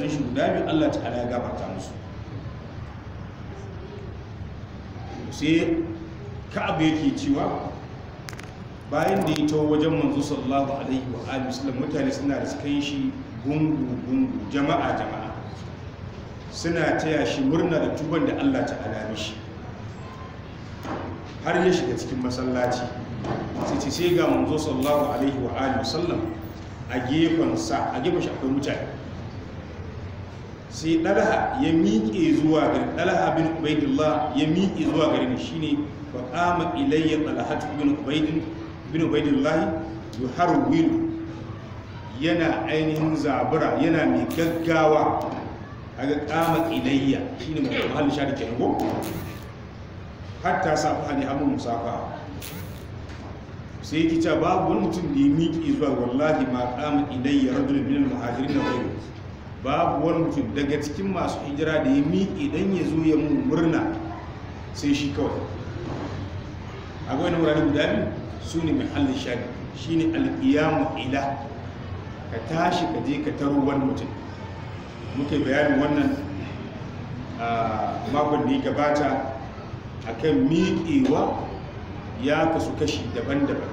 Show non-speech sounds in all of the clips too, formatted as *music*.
na shi guda biyu Allah ta'ala ya gabata musu sai ka'ab yake cewa bayan da ya taho wajen manzo sallallahu alaihi wa alihi wasallam mutane suna da sukan shi gungu gungu jama'a jama'a suna taya shi murna da tuban da Allah ta'ala mishi har ya shiga cikin masallaci sai sai ga manzo sallallahu alaihi wa alihi wasallam a gefen sa a gefan shi akwai mutane sai ɗalha ya miƙe zuwa gari ɗalha bin ubaidillah ya miƙe zuwa gari shi ne wa ƙama ilayya ɗalhatu bin ubaidillahi yuhar wilu yana ainihin zabura yana mai gaggawa a ga ƙama ilayya shi ne mutum halin shari ke nago hatta safi hannun hannun musafa sai ki ce babu wani mutum da ya miƙe zuwa wallahi ma ƙama ilayya rajulun bin muhajirin na bayu babu wani mutum daga cikin masu hijira da ya miƙe don ya zo ya mun murna sai shi kawai akwai wani wurare guda biyu su ne mai halin shaɗi shi ne alƙiyamu ila ka tashi ka je ka taro wani mutum muka bayanin wannan makon da ya gabata a kan miƙewa ya kasu kashi daban-daban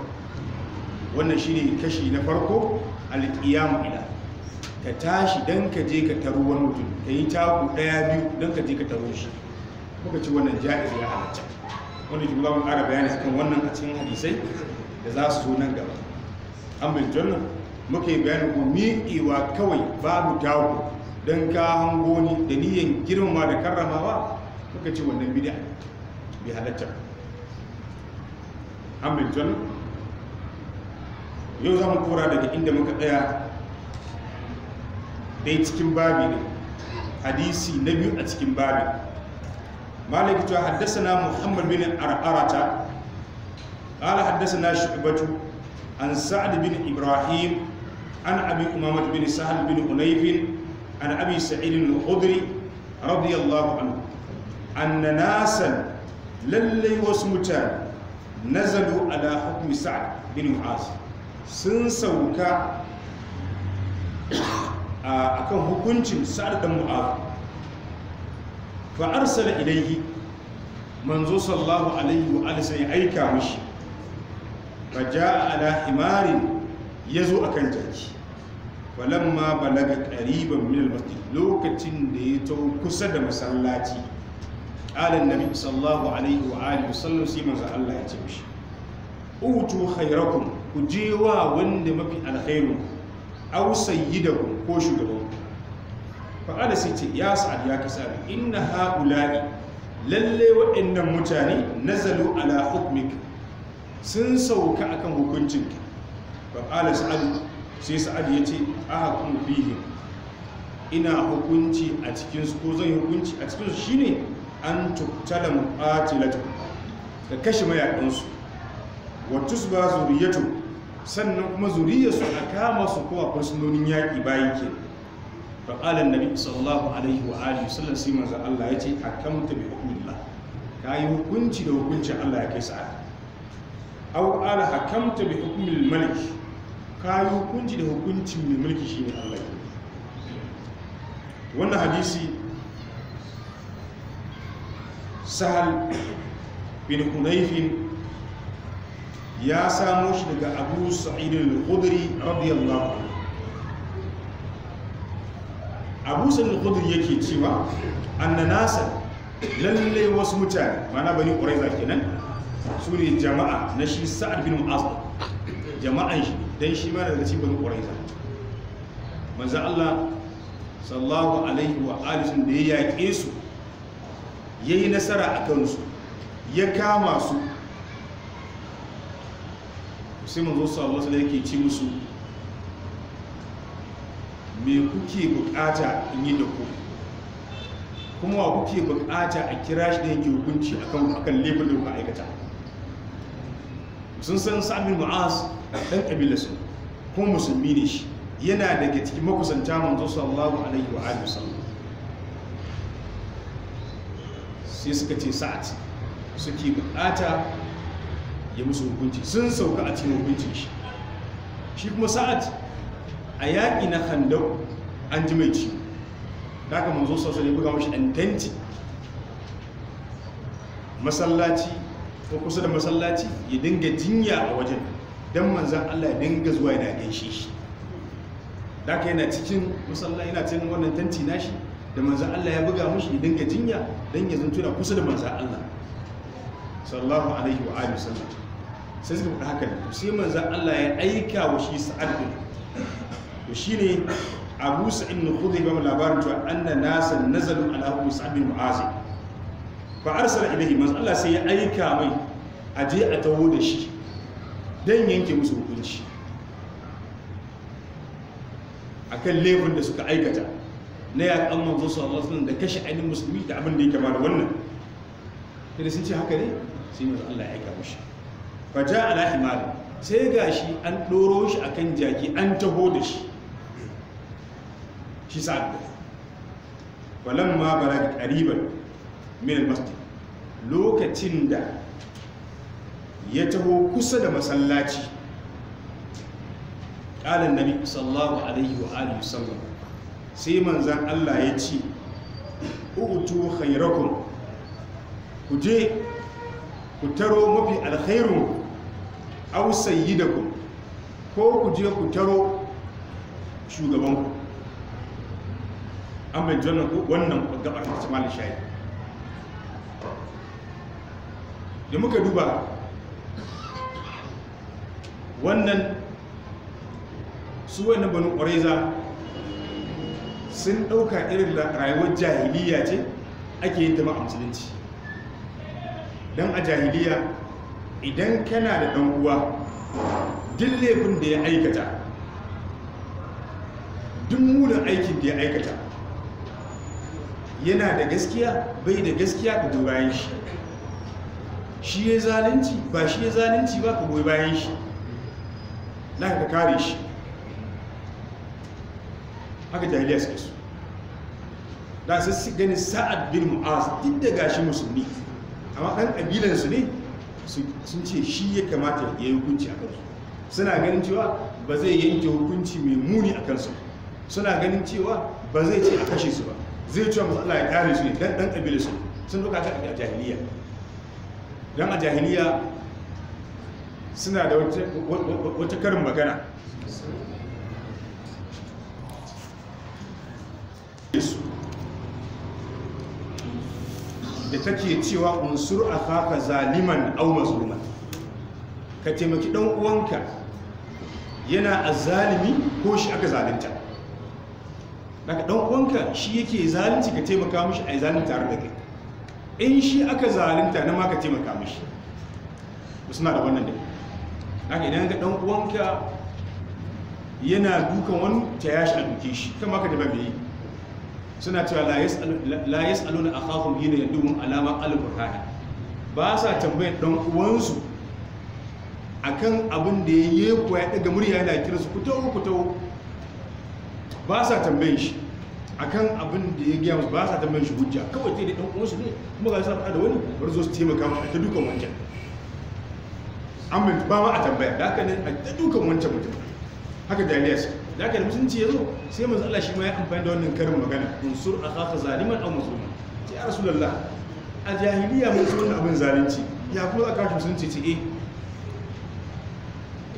wannan shi ne kashi na farko alƙiyamu ila ka tashi don ka je ka taro wani mutum ka yi taku ɗaya biyu don ka je ka taro shi muka ci wannan ja'iz ya halatta wanda ke ba ƙara bayani akan wannan a cikin hadisai da za su zo nan gaba an bai jannan muka yi bayani ko miƙewa kawai babu taku don ka hango ni da niyan girmama da karramawa muka ci wannan bid'a bi halatta an bai jannan yau za mu kora daga inda muka tsaya dai cikin babi ne hadisi na biyu a cikin babi malik ta na muhammad bin ar'arata qala haddasana shu'batu an sa'ad bin ibrahim an abi umamah bin sahal bin unayf an abi sa'id al-khudri radiyallahu anhu an nasan lallai wasu mutane nazalu ala hukmi sa'ad bin mu'az sun sauka akan hukuncin sa'ad dan mu'az da arsala ilayhi manzo Sallahu alaihi wa alihi ya aika mishi fa jaa ala himarin yazo akan jaki ma balaga ƙariban min al lokacin da ya tau kusa da masallaci qala annabi Sallahu alaihi wa alihi wasallam sai manzo Allah ya ce mishi utu khairakum ku je wa wanda mafi alkhairu aw sayyidakum ko shugaban fa'ala sai ce ya sa'ad ya kasa inna ha'ula'i lalle waɗannan mutane nazalu ala hukmik sun sauka akan hukuncinka ala sa'ad sai sa'ad ya ce ahakun ina hukunci a cikinsu ko zan hukunci a cikinsu shine an tuktala muqatilatu ka kashe su wa tusba zuriyatu sannan kuma zuriyarsu a kama su kowa a fursunonin yaƙi bayi ke fa qala annabi sallallahu alaihi wa alihi sallam sai manzo Allah yace akamta bi Ka yi hukunci da hukunci Allah ya kai sa aw ala hakamta bi hukmil malik yi hukunci da hukuncin mai mulki shi ne Allah ya wannan hadisi sahal bin hunayfin ya samo shi daga abu sa'id al-khudri radiyallahu abu sa'id al-khudri yake cewa anna nasa lalle wasu mutane mana bani quraiza kenan su ne jama'a na shi sa'ad bin mu'az jama'an shi don shi ma daga cikin bani quraiza Allah sallallahu alaihi wa alihi da ya yaƙe su yayi nasara a kansu, ya kama su sai manzo wasu da yake ci musu me kuke bukata in yi da ku kuma wa kuke bukata a kira shi da yake hukunci akan akan laifin da kuka aikata sun san sa'ad ma'as mu'az dan kabilar su kuma musulmi ne shi yana daga cikin makusanta manzo sallallahu alaihi wa alihi wasallam sai suka ce sa'ad suke bukata ya musu hukunci sun sauka a cikin hukuncin shi shi kuma sa'ad a yaƙi na handau an ji mai ciwo da aka manzo sosai ne buga mashi ɗantanci masallaci ko kusa da masallaci ya dinga jinya a wajen don manzan Allah ya dinga zuwa yana gaishe shi da aka yana cikin masallaci yana cikin wannan tanti nashi da manzan Allah ya buga mashi ya dinga jinya don ya zanto kusa da manzan Allah sallallahu alaihi wa alihi wasallam sai suka faɗi haka ne sai manzan Allah ya aika wa shi sa'ad da to shi ne abu sa'in na Kudai ba mu labarin cewa an na nasa nazarin alaƙu sa'ad bin mu'azi fa arsala ilahi manzan Allah sai ya aika mai a je a taho da shi don yanke musu hukunci kan laifin da suka aikata na ya yaƙan manzo sallallahu alaihi da kashe ainihin musulmi da abin da ya kama da wannan kada sun ce haka ne sai manzo Allah ya aika mushi Faja a ala himar sai gashi an ɗoro shi kan jaki an taho da shi shi sa'ad walan ma bala qariban min almasjid lokacin da ya taho kusa da masallaci qala annabi sallallahu alaihi wa alihi wasallam sai manzan Allah ya ce utu khairakum ku je ku taro mafi alkhairun da ku ko ku je ku taro shugabanku an bai jannan ku wannan gabar ta cimal shayi da muka duba wannan su na banu ƙwareza sun ɗauka irin rayuwar jahiliya ce ake yi ta ma a musulunci don a jahiliya idan kana da ɗan uwa duk laifin da ya aikata duk munin aikin da ya aikata yana da gaskiya bai da gaskiya ka goyi bayan shi shi ya zalunci ba shi ya zalunci ba ka goyi bayan shi na ka kare shi haka jahiliya suke su da su ganin sa'ad bin mu'az duk da gashi musulmi amma ɗan ƙabilansu ne sun ce shi ya kamata ya yi hukunci a kansu suna ganin cewa ba zai yanke hukunci mai muni a kansu suna ganin cewa ba zai ce a kashe su ba zai cewa masu Allah ya kare su ne dan ɗan ƙabilar su sun duka ta a jahiliya don a jahiliya suna da wata karin magana da take cewa unsur akaka zaliman aw mazluma ka taimaki dan uwanka yana azalimi ko shi aka zalunta daga dan uwanka shi yake zalunci ka taimaka mishi ai zalunta har da kai in shi aka zalunta na ma ka taimaka mishi na da wannan da haka idan ka dan uwanka yana dukan wani ta yashi a duke shi kan maka da bai suna cewa la yas'aluna akhahum hina yadumun alama al-burhana ba sa tambayar don uwansu kan abin da ya yi kuwa ya daga murya yana kira su kuto kutawo ba sa tambayin shi a kan abin da ya gaya musu ba sa tambayin shi hujja kawai ta yi da ɗan uwansu ne kuma ga sarfa da wani bari zo su taimaka ma a ta dukan wancan an ba ma a tambaya da haka ne a ta dukan wancan mutum haka jami'a su da haka da musulunci ya zo sai manzo Allah shi ma ya amfani da wannan karin magana unsur akhaka zaliman aw mazluman ce ya rasulullah a jahiliya mun san abin zalunci ya kuma aka shi musulunci ce eh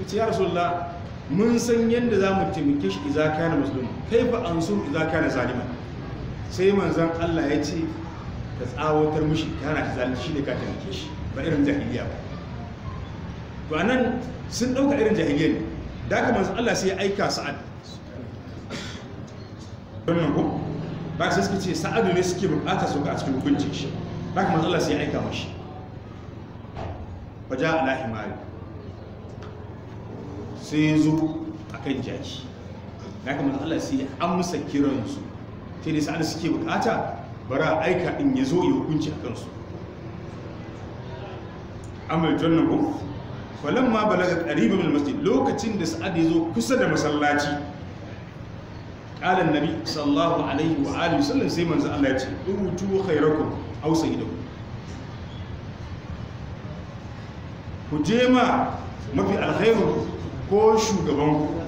ce ya rasulullah mun san yadda za mu taimake shi kai kana muslim kaifa ansur idza kana zaliman sai manzon Allah ya ce ka tsawatar mushi kana shi zalunci ka taimake shi ba irin jahiliya ba to anan sun dauka irin jahiliya ne da haka manzon Allah sai ya aika sa'ad wannan ku ba sai suka ce sa'adu ne suke bukata su ga cikin hukuncin shi ba kuma Allah sai aika mashi faja ala himari sai zo akan jaki ya kamata Allah sai ya amsa kiransu sai ne sa'adu suke bukata bara aika in ya zo ya hukunci a kansu amma jan nan ku falamma balaga qaribun masjid lokacin da Sa'adu ya zo kusa da masallaci قال النبي صلى الله عليه وآله وسلم الله اوتوا خيركم أو سيدكم كجيما ما في الخير ko shugabanku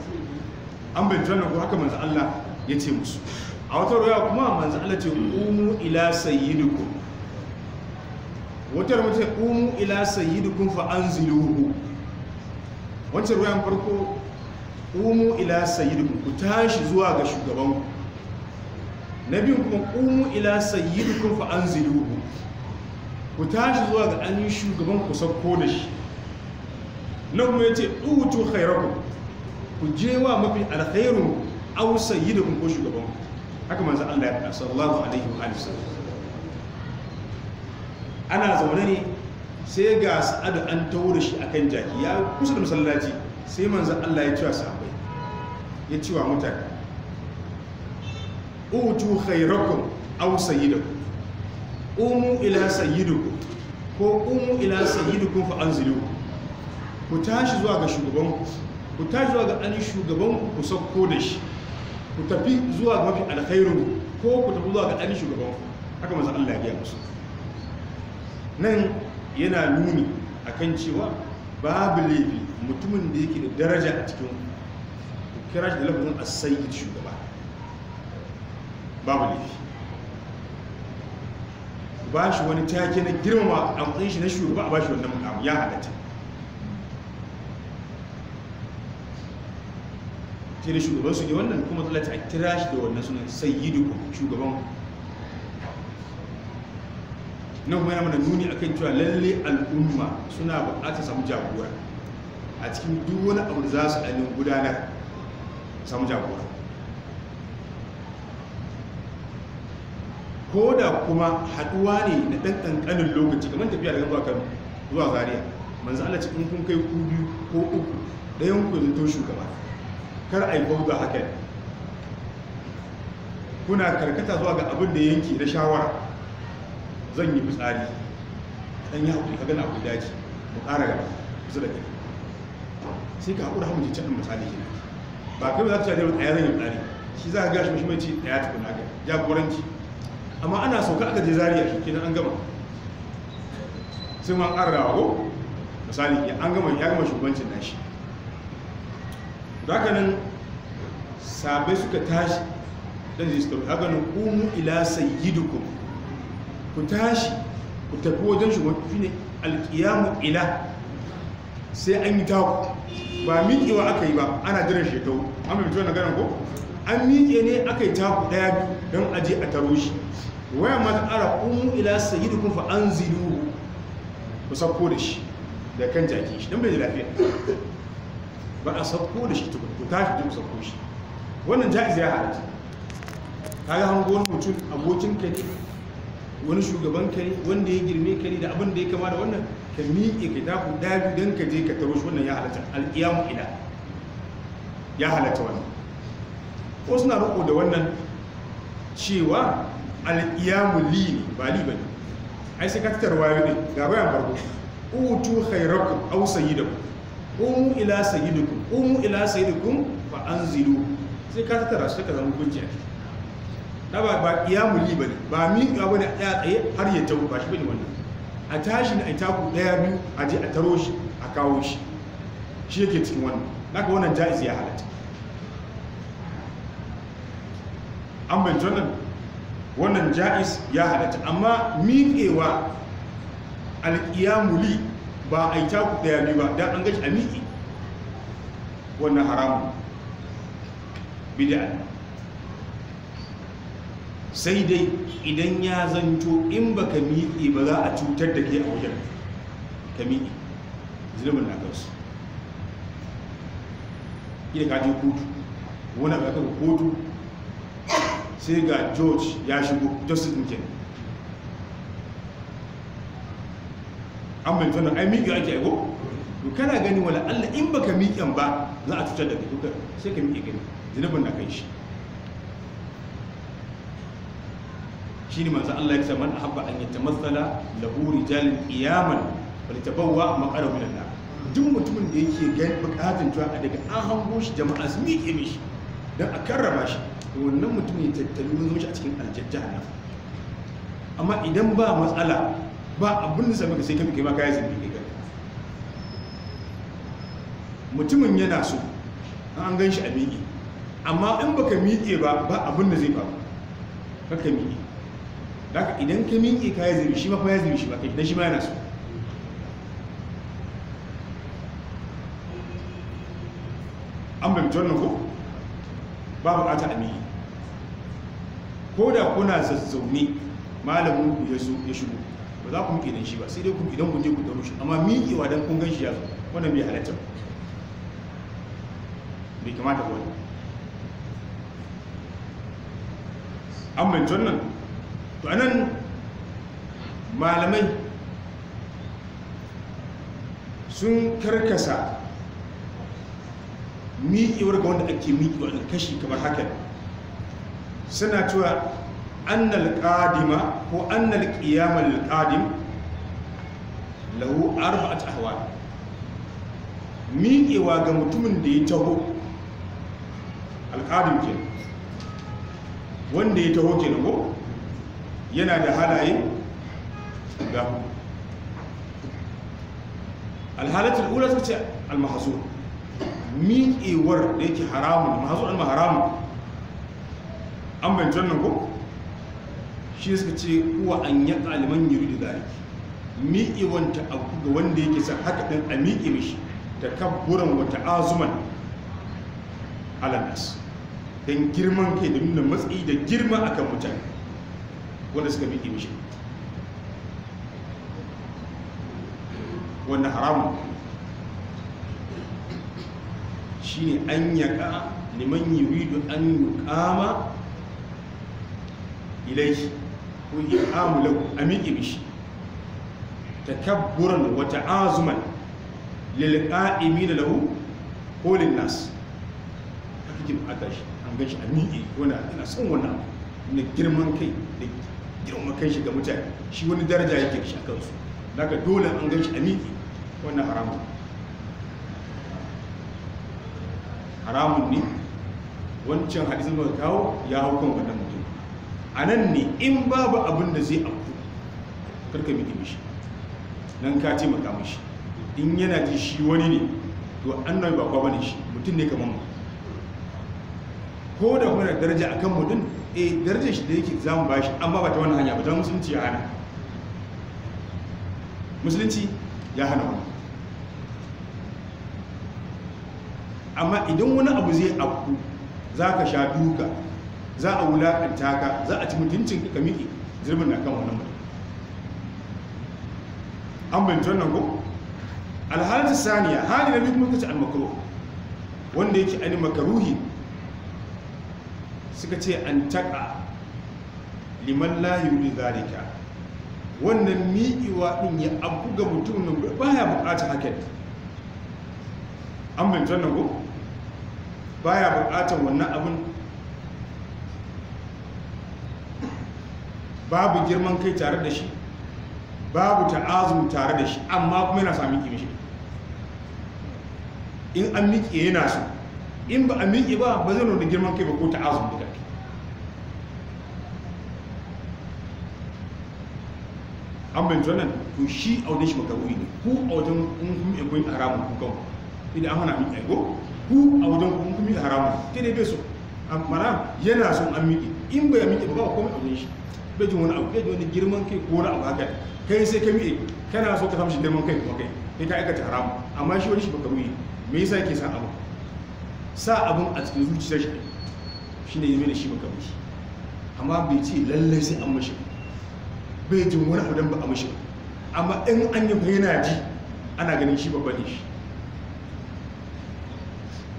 an bai tunan ku haka manzo Allah ya ce musu a wata ruwa kuma manzo Allah ce wata ruwa umu ila sayyidikum fa anziluhu wancan ruwayan farko ƙumu ila sayyidikum ku tashi zuwa ga shugabanku na biyu kuma ƙumu ila sayyidikum fa anziluhu ku tashi zuwa ga an shugaban ku sauko da shi na kuma ce utu khairakum ku je wa mafi alkhairun au sayyidikum ko shugabanku haka manzo Allah ya faɗa sallallahu alaihi wa alihi ana zaune ne sai ga sa'adu an tawo da shi kan jaki ya kusa da masallaci sai manzo Allah ya ce wa sa ya ci wa mutane utu khairakum aw sayyidakum umu ila sayyidakum ko umu ila sayyidakum fa anzilu ku tashi zuwa ga shugabanku ku tashi zuwa ga an shugabanku ku sauko da shi ku tafi zuwa ga mafi alkhairu ko ku tafi zuwa ga an shugabanku haka manzo Allah ya gaya musu nan yana nuni a kan cewa babu laifi mutumin da yake da daraja a cikin kira shi da lafazin as-sayyid shugaba babu laifi ba shi wani take na girmama a matsayin shi na shugaba a ba shi wannan mukamu ya halatta kira shugaban su ne wannan kuma zalata a kira shi da wannan sunan sayyidu shugaban na kuma yana mana nuni a kan cewa lalle al'umma suna buƙatar samu jagora a cikin duk wani abu da za su ainihin gudanar samu jagora ko da kuma haduwa ne na ɗan ƙanƙanin lokaci kamar tafiya daga zuwa kano zuwa zaria manzan Allah cikin kun kai ku biyu ko uku ɗayan ku zato shugaba kar a yi bauga haka kuna karkata zuwa ga abin da yanki na shawara zan yi fitsari ɗan ya haƙuri kaga na akwai daji mu ƙara gaba kusa da kai sai ka haƙura hamu ce cikin misali kenan ba kai ba za ta ce ɗaya zan yin tsari shi za ka gashi muhimmanci ɗaya tukuna ga jagoranci amma ana sauka aka je zariya shi kenan an gama sai ma an rawa ko misali ya an gama ya gama shugabancin nashi haka nan sabai suka tashi dan zai suka haka nan umu ila sayyidukum ku tashi ku tafi wajen shugaban ne alqiyamu ila sai an yi taku ba miƙewa aka yi ba ana jiran shekaru an mai mutuwa na ganin ko an miƙe ne aka yi taku ɗaya don aje a taro shi waya ma ta ƙara umu ila sayi da kuma an zilu ba sauko da shi da kan jaki shi don bai da lafiya ba a sauko da shi tukun ku tashi duk sauko shi wannan ja'iz ya halatta ta hango wani mutum abokin ka ne wani shugaban ka ne wanda ya girme ka ne da abin da ya kama da wannan ka miƙe ka tafi dabi don ka je ka taro shi wannan ya halatta al'iyamu ila ya halatta wannan ko suna roƙo da wannan cewa al'iyamu li ne ba li ba ne ai sai ka tattara wayo ne ga bayan barko utu khairakum aw sayyidakum umu ila sayyidikum umu ila sayyidikum fa anzilu sai ka tattara shi ka zama kunci da ba ba iyamu li bane ba mi ga bane a tsaye har ya tawo ba shi bane wannan a tashi da taku daya biyu a je a taro shi a kawo shi shi yake cikin wannan naka wannan jaiz ya halatta an bai wannan wannan jaiz ya halatta amma miƙewa alƙiyamuli ba a ita taku daya biyu ba don an gaji a miƙe wannan haramun bid'a sai dai idan ya zanto in ba ka miƙe ba za a cutar da ke a wajen ka miƙe zunubin na kansu ina ka je kotu wani abu kaka kotu sai ga george ya shigo justice ɗin an bai tunan ai miƙe ake aiko to kana gani wala allah in baka miƙen ba za a cutar da ke sai ka miƙe gani zunubin na kan shi shine manzo Allah ya ce man ahabba an yatamassala lahu rijalun qiyaman bal tabawwa maqarahu duk mutumin da yake ga bukatun cewa daga an hango shi jama'a su miƙe mishi dan a karrama shi wannan mutum ya tattali mun shi a cikin aljajjana amma idan ba matsala ba abin da sami sai ka miƙe ma kai sai miƙe mutumin yana so an gan shi a miƙe amma in baka miƙe ba ba abin da zai faru kakka miƙe daga idan ka miƙe ka yi zirishi ba kuma ya zirishi ba kai dan shi ma yana so an bai mutuwar nuku ba bukata a ko da kuna zazzaune malamin ku ya shigo ba za ku muke dan shi ba sai dai ku idan ku je ku da shi amma miƙewa dan kun gan shi ya zo wanda bai halatta bai kamata ba an bamci wannan to anan malamai sun karkasa miƙewar ga wanda ake miƙewa da kashi kamar haka suna cewa annal ƙadima ko annal qiyamul qadim lahu a ahwal miƙewa ga mutumin da ya taho alƙadim ke wanda ya taho ke ko yana da halaye ga alhalatul ula suka ce almahazur miƙewar da yake haramun mahazur alma an bayyance wannan ko shi suka ce kuwa an yi ɗaliban yiri da zaliki miƙewar ta abu ga wanda yake son haka ɗin a miƙe mishi ta kabburan wata azuman alanas don girman kai da nuna matsayi da girma akan mutane wanda suka miƙe mishi wanda haramun shi ne an neman yi yuridu an yi kama ilai ko iqamu lahu a miƙe mishi wata azuman lalika imi da lahu ko nas a kake a tashi an gashi a miƙe wanda ina son wani na girman kai da girma kai shi ga mutane shi wani daraja yake shi a kansu daga dole an gan shi a miƙi wannan haramun haramun ne wancan hadisin da kawo ya hau kan wannan mutum a nan ne in babu abin da zai abu karka miƙi mishi nan ka taimaka mishi in yana ji shi wani ne to an nan ba kwa bane shi mutum ne kamar mutum ko da kuna daraja a kan mutum a eh, daraja shi da yake zamu ba bashi amma ba ta wani hanya ba ta musulunci ya hana musulunci ya hana wani amma idan wani abu zai abu za ka sha duka za a wulaƙanta ka za a ci mutuncin ka miƙe zirbin na kan wannan mutum an bincin nan ko alhalin saniya hali na duk kuma al-makaruhi wanda yake ani makaruhi suka ce an taƙa liman layu da zarika wannan miƙiwa ɗin ya abu ga mutum nan ya buƙatar hakan an bincin ku ko ya buƙatar wannan abin babu girman kai tare da shi babu ta'azun tare da shi amma kuma yana sami miƙi mishi in an miƙe yana su in ba a miƙe ba ba zai nuna girman kai ba ko ta'azum duka an bai wannan to shi a wajen shi makaruhi ne ku a wajen kun a kun haramun ku kan idan an hana miki aigo ku a wajen kun a haramun ta dai bai so amma yana son an miki in bai miki ba ba komai a wajen shi bai ji wani abu bai ji wani girman kai ko wani abu haka kai sai ka miƙe kana so ka samu shi girman kai kuma kai kai ka aikata haramu amma shi wani shi makaruhi me yasa yake sa abu sa abun a cikin zuciyar shi shine yi mene shi makaruhi amma bai ce lallai sai an mashi ba bai jin wani abu don ba a mishi amma in an yi yana ji ana ganin shi babban ne shi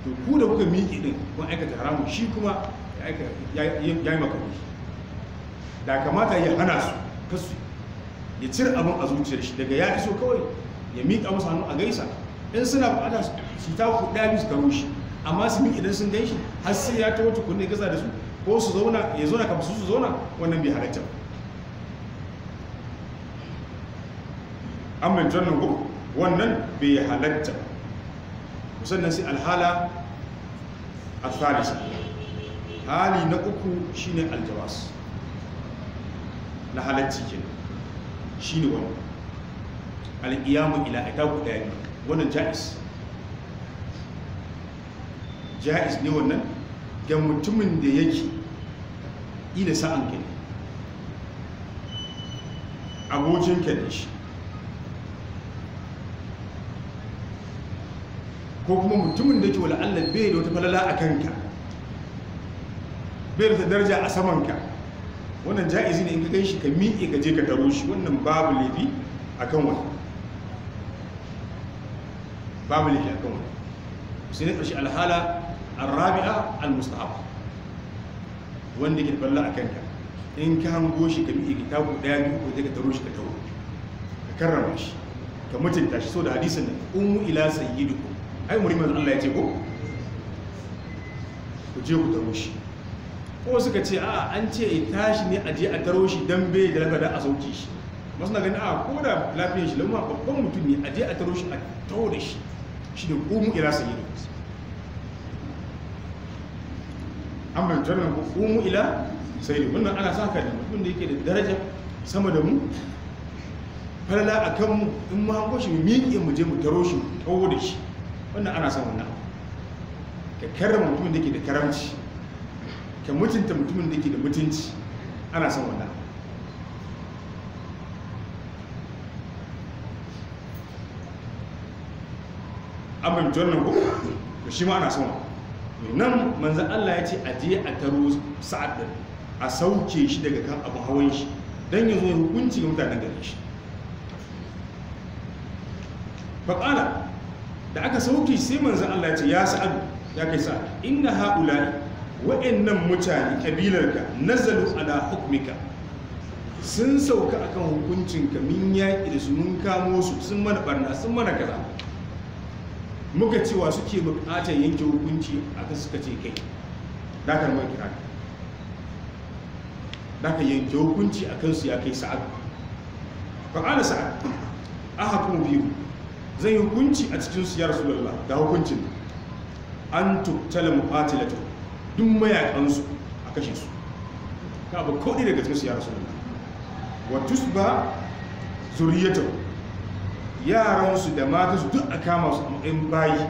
to ku da kuka miƙe din kuma aikata haramun shi kuma ya yi makaroni da kamata ya hana su kasu ya cire abin a zuciyar shi daga ya iso kawai ya miƙa masa hannu a gaisa in suna buƙata su ta ku ɗaya bisu karo shi amma su miƙi idan sun gan shi har sai ya ta wata kunne gaza da su ko su zauna ya zauna kamar su su zauna wannan bai halatta ba an mai jannan ku wannan bai halatta musamman sai alhala a thalisa hali na uku shine aljawas na halatti ke shine wannan al'iyamu ila ita ku ɗaya wannan ja'is ja'is ne wannan ga mutumin da yake ila sa'an ka ne abokin ka ne shi ko kuma mutumin da ke wala Allah bai da wata falala a kanka bai da daraja a samanka wannan ja'izi ne in ka gan shi ka miƙe ka je ka taro shi wannan babu laifi a kan wani babu laifi a kan wani sai na ƙarshe alhala al-rabi'a al-mustahab wanda ke da falala a kanka in ka hango shi ka miƙe ka taku ɗaya biyu ko ka taro shi ka taro ka karrama shi ka mutunta shi so da hadisin nan umu ila sayyidukum ai muri manzo Allah ya ce ko ku je ku taro shi ko suka ce a an ce ya tashi ne a je a taro shi dan bai da lafiya a sauke shi masu na gani a ko da lafiyar shi lamma babban mutum ne a je a taro shi a taro da shi shi da mu ila sayyidu an bai jarnan ko mu ila sayyidu wannan ana sa ka da mutum da yake da daraja sama da mu falala a kanmu in ma hango shi mu miƙe mu je mu taro shi mu taro da shi wannan ana son wannan ka karrama mutumin da ke da karamci ka mutunta mutumin da ke da mutunci ana son wannan abin jornan ko da shi ma ana son nan manzan Allah ya ce a je a taro sa'ad da a sauke shi daga kan abu hawan shi don yanzu hukunci ga mutanen gari shi faƙala da aka sauki sai manzan Allah ya ce ya sa'adu ya kai sa'ad inna haula'i wa'annan mutane na nazalu ala hukmika sun sauka akan hukuncinka min yaƙi da su mun kamo su sun mana barna sun mana kaza muka cewa suke buƙatar yanke hukunci aka suka ce kai dakar man kira daka yanke hukunci kan su ya kai sa'ad fa'ala sa'ad aha kuma biyu zan yi hukunci a cikin su ya rasulullah ga hukuncin an tuktala muqatilatu duk mayakan su a kashe su ka ba ko daga cikin su ya rasulullah wa tusba zuriyatu yaran su da mata su duk a kama su a matsayin bayi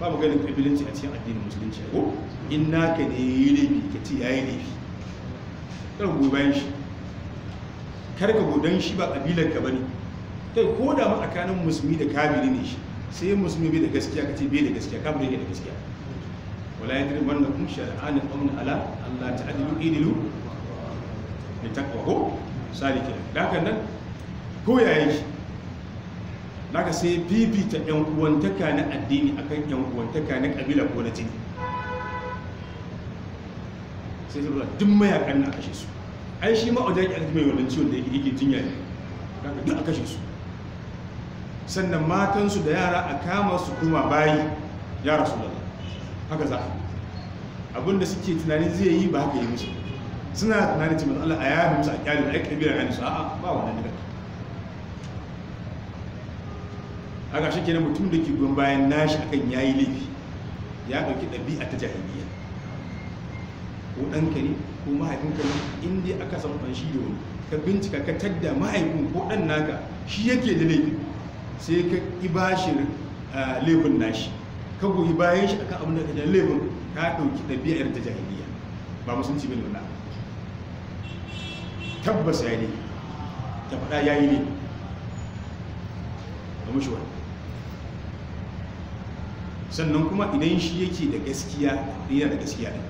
ba mu ganin kabilanci a cikin addinin musulunci ko in naka ne yi laifi ka ce yayi laifi kar gobe shi kar ka godan shi ba kabilar ka bane kai ko da ma tsakanin musulmi da kafiri ne shi sai musulmi bai da gaskiya kace bai da gaskiya kafiri yake da gaskiya wala yadri wannan kun shar'an qawmin ala Allah ta'dilu idilu bi taqwa ko salike dakan nan ko yayi shi daga sai ta yan uwantaka na addini akan yan uwantaka na kabila ko na jini sai su rura duk mayakan na kashe su ai shi ma ojan yake mai wannan ciwon da yake jinya ne daga duk a kashe su sannan matansu da yara a kama su kuma bayi ya rasu da haka za a abinda suke tunanin zai yi ba haka yi musu suna tunanin cimin allah a yaya musu a da aiki biyar hannu sa'a a'a ba wannan daga a gashi kenan mutum da ke gun bayan nashi akan ya yi laifi ya ɗauki ɗabi'a ta jahiliya ko ɗanka ne ko mahaifinka ne inda aka samu ɗan shi da wani ka bincika ka tadda mahaifin ko ɗan naka shi yake da laifi sai ka a laifin nashi ka goyi bayan shi akan abin da kaje laifin ka dauki ɗabi'ar ta jahiliya ba musulunci bane wannan tabbas ya ne ta faɗa ya yi ne ba mushi wani sannan kuma idan shi yake da gaskiya yana da gaskiya ɗin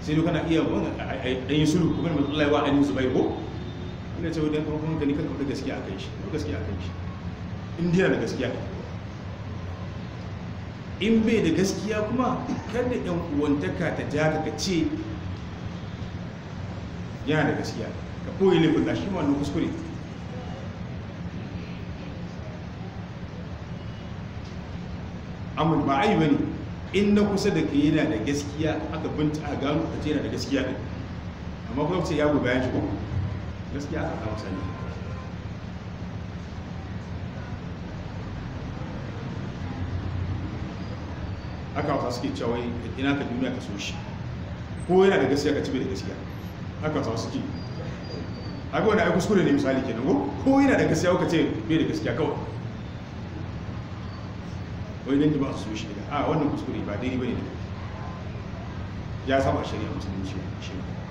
sai dai kana iya wani ɗanyi sulu kuma da matsalawa ɗanyi su bai ko ina ce wajen kuma gani kan kuma gaskiya a kai shi gaskiya a kai shi indiya na gaskiya in bai da gaskiya kuma da yan uwantaka ta ja ka ce yana da gaskiya ka koyi ne na shi ma wani kuskure amma ba a yi bane in na kusa da ke yana da gaskiya aka binci a gano ka ce yana da gaskiya ne amma kuma ce ya gobe bayan shi kuma gaskiya a kawo sani aka wasa suke cewa ina ka duniya ka so shi ko yana da gaskiya ka cibe da gaskiya aka wasa suke aka wani aiki kuskure ne misali kenan ko ko yana da gaskiya ka ce bai da gaskiya kawai wai nan ba su so shi daga a wannan kuskure ba daidai bane ya saba shari'a musulunci shi ne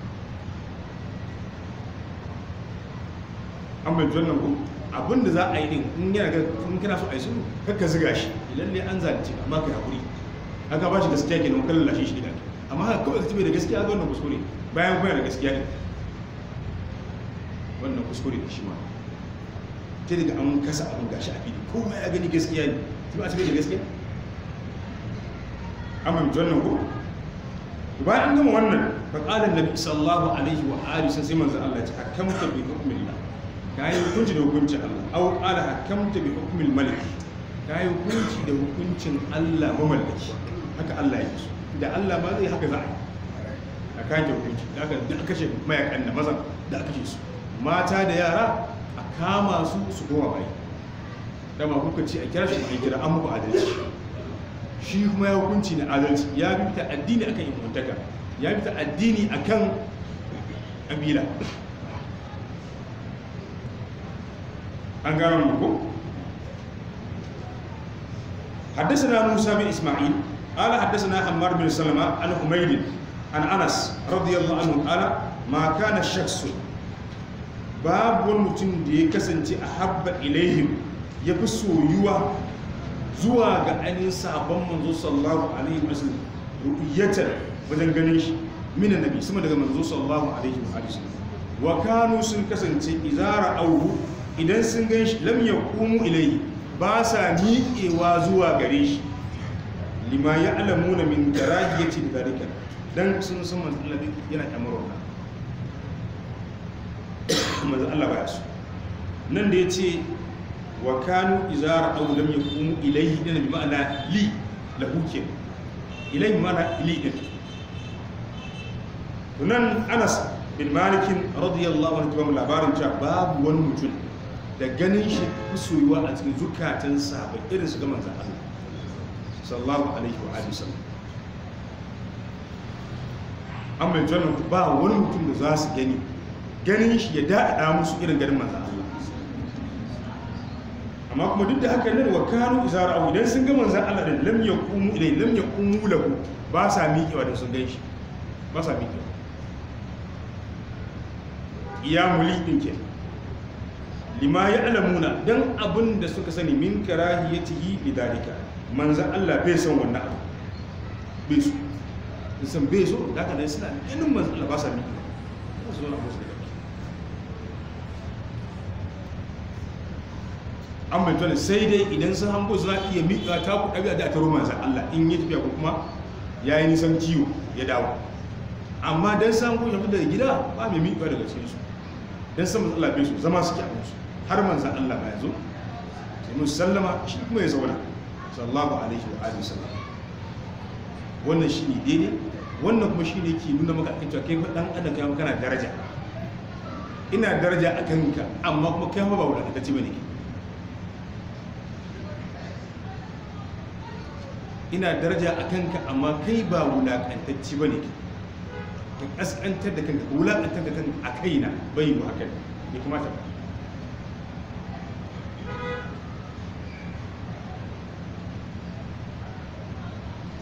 an bai tuwan nan kuma abin da za a yi din in yana ga in kana so a yi sulhu kakka ziga shi ne an zalunci amma kai hakuri haka ba shi gaskiya kenan kallon lashe shi da amma haka kawai ka tabe da gaskiya ga wannan kuskure bayan kuma da gaskiya ne wannan kuskure da shi ma ta daga an kasa abin gashi a fili ko ma ya gani gaskiya ne sai ba a tabe da gaskiya amma mutu wannan kuma bayan an gama wannan fa qala annabi sallallahu alaihi wa alihi sai manzan Allah ya ce bai hukumin hukmillah ka yi hukunci da hukuncin Allah au qala hakamta bi hukmil malik ka yi hukunci da hukuncin Allah mamallaki haka Allah ya da Allah ba zai haka za a yi a kake hukunci da aka da kashe mayakan da mazan da aka ce su mata da yara a kama su su koma bai dama kuka ce a kira shi a kira an muku adalci shi kuma ya hukunci na adalci ya bi ta addini akan imantaka ya bi ta addini akan kabila an gano mu ko حدثنا موسى بن اسماعيل قال حدثنا عمار بن سلمة عن حميد an anas رضي الله عنه قال ما كان الشخص باب mutum da ya kasance a habba ilaihim ya fi soyuwa zuwa ga ainihin sabon manzo sallallahu alaihi wasallam ru'yatan wajen ganin shi minan nabi sama daga manzo sallallahu alaihi wasallam wa kanu sun kasance izara auhu idan sun gan shi lam yaqumu ilai ba sa miƙewa zuwa gare shi lima ya'lamuna min ya da dalika don sun san manzo Allah yana kamar wannan *coughs* manzo Allah ba su nan da ya ce wa kanu idza ra'aw lam yaqumu ilai dan bi ma'ana li lahu kenan ilayhi ma'ana li din nan anas bin malikin radiyallahu anhu labarin cewa babu wani mutum da ganin shi fi soyuwa a cikin zukatun sahabbai irin su ga manzon sallahu alaihi wa alihi wasallam amma jannan ba wani mutum da za su gani ganin shi ya daɗa musu irin ganin maza ala. amma kuma duk da haka nan wa kanu izara abu idan sun gama manzon ala da lam yaqumu ilai lam yaqumu lahu ba sa miƙewa da sun gan shi ba sa miƙewa iya muli ɗin kenan lima ya alamuna don abin da suka sani min karahiyatihi li dalika manza Allah bai san wannan abu bai su in san bai so da kana suna ganin manza Allah ba sa miki ba su na musu an mai tona sai dai idan sun hango za iya miƙa ta ku ɗabi'a da ta roman zan Allah in yi tafiya ko kuma ya yi nisan ciwo ya dawo amma don san hango ya fita da gida ba mai miƙa daga cikin su don san matsala bai su zama suke abinsu har manzan Allah ba ya zo sai mun sallama shi kuma ya zauna sallahu alaihi wa alihi sallam wannan shi ne daidai wannan kuma shi ne ke nuna maka akan cewa kai dan adam kai kana daraja ina daraja kan ka amma kuma kai ba wanda ka ci ke ina daraja kan ka amma kai ba wulaƙantacci ba ne ka ƙasƙantar da kanka wulaƙantar da kanka a kaina bai yi haka ne kuma ta ba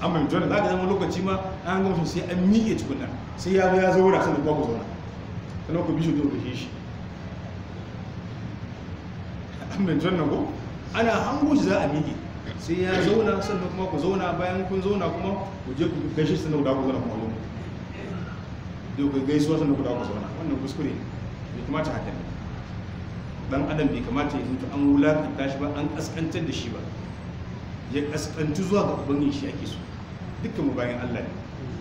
amma mai jona zama lokaci ma an sai miƙe sai ya sai ku zauna sannan ku ko ana hango shi za a miƙe sai ya zauna sannan kuma ku zauna bayan kun zauna kuma ku je ku kashe sannan ku dawo ku zauna kuma da ku gaisuwa sannan ku dawo ku zauna wannan kuskure ne kuma ta haka dan adam bai kamata ya an wulakanta shi ba an ƙasƙantar da shi ba ya ƙasƙanci zuwa ga ubangiji shi ake so dukkan mu bayan Allah ne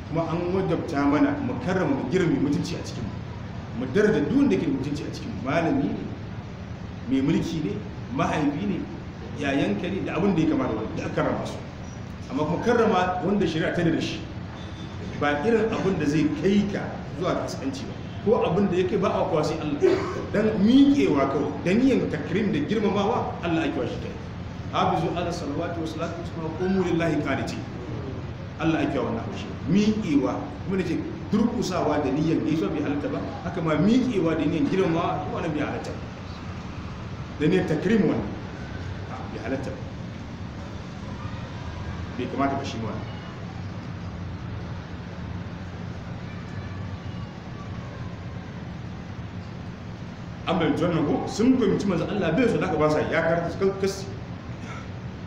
kuma an wajabta mana mu karrama mu girmi mutunci a cikin mu mu darda duk wanda ke mutunci a cikin malami ne mai mulki ne mahaifi ne yayan kare da abin da ya kamata wani da karrama su amma kuma karrama wanda shari'a ta da shi ba irin abin da zai kai ka zuwa kasance ba ko abin da yake ba a kwasi Allah dan miƙewa kawai dan yin takrim da girmamawa Allah ake wa shi kai hafizu ala salawatu wa salatu wa sallam qumu wa Allah ake wannan haushi miƙewa kuma da ce durƙusawa da niyyar gaisuwa bai halitta ba haka ma miƙewa da niyyar girma wannan bai halitta da niyyar takrim wannan bai ba bai kamata ba shi ma wani. bai tuwannan ko sun fahimci manzan Allah bai su da ka ba sa ya karta su kasi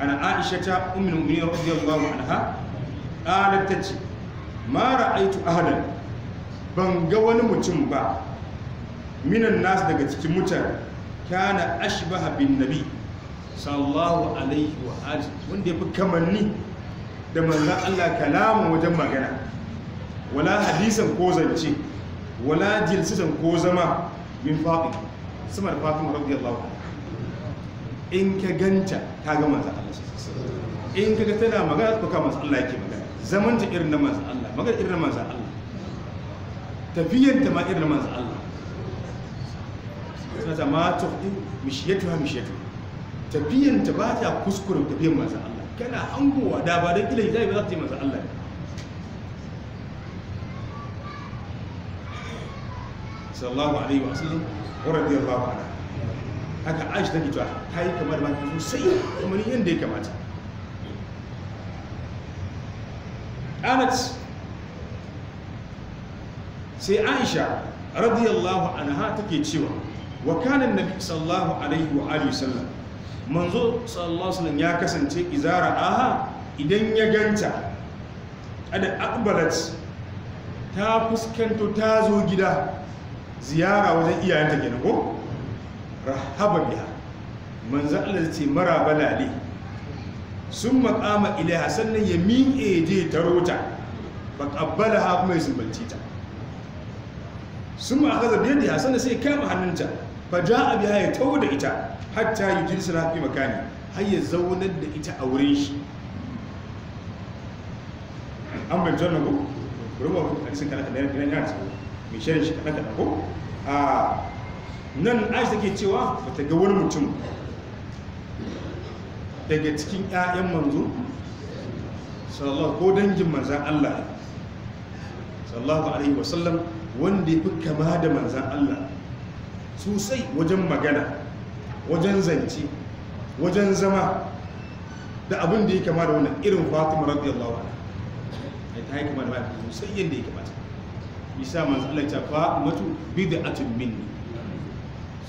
ana aisha ta ummul mu'minin radiyallahu anha qalat tace ma ra'aitu ahadan ban ga wani mutum ba minan nas daga cikin mutane kana ashbaha bin nabi sallallahu alaihi wa alihi wanda yafi kamanni da ma Allah kalamu wajen magana wala hadisan ko zance wala jilsisan ko zama min fatima in ka ganta ka ga manzan Allah in ka ga tana magana ko ka manzan Allah yake magana zaman ta irin na Allah magana irin na Allah tafiyan ta ma irin na Allah sai ta ma mishiyatu ha mishiyatu tafiyan ta ba ta kuskure tafiyan manzan Allah kana hangowa da ba dan ilai zai ba za ta yi manzan Allah sallallahu alaihi wa sallam wa radiyallahu anhu haka aisha take cewa ta yi kamar mata sosai kuma ni yadda ya kamata anat sai aisha radiyallahu anha take cewa wa kana nabi sallallahu alaihi wa alihi sallam manzo sallallahu alaihi wasallam ya kasance izara aha idan ya ganta ada akbarat ta fuskanto ta zo gida ziyara wajen iyayenta kenan ko rahaba biya manzo Allah zai ce maraba lale sun makama ilaiha sannan ya min eje tarota ba kabbala ha kuma ya sumbanci ta sun ma aka zabi yadda hasan sai kama hannunta ba ja abi biya ya tawo da ita hatta yi jinsu na fi makani har ya zaunar da ita a wurin shi an bai jana ko ruwa a cikin kana kana kana yana mai shirin shi kanaka kana ko a ah, nan aisha ke cewa ba ta ga wani mutum daga cikin 'ya'yan manzo sallallahu ko dangin manzan Allah sallallahu alaihi wasallam wanda ya fi kama da manzan Allah sosai wajen magana wajen zance wajen zama da abin da ya kama da wannan irin fatima radiyallahu ta yi kama da mafi sosai yadda ya kamata Bisa manzan Allah ta da atun minni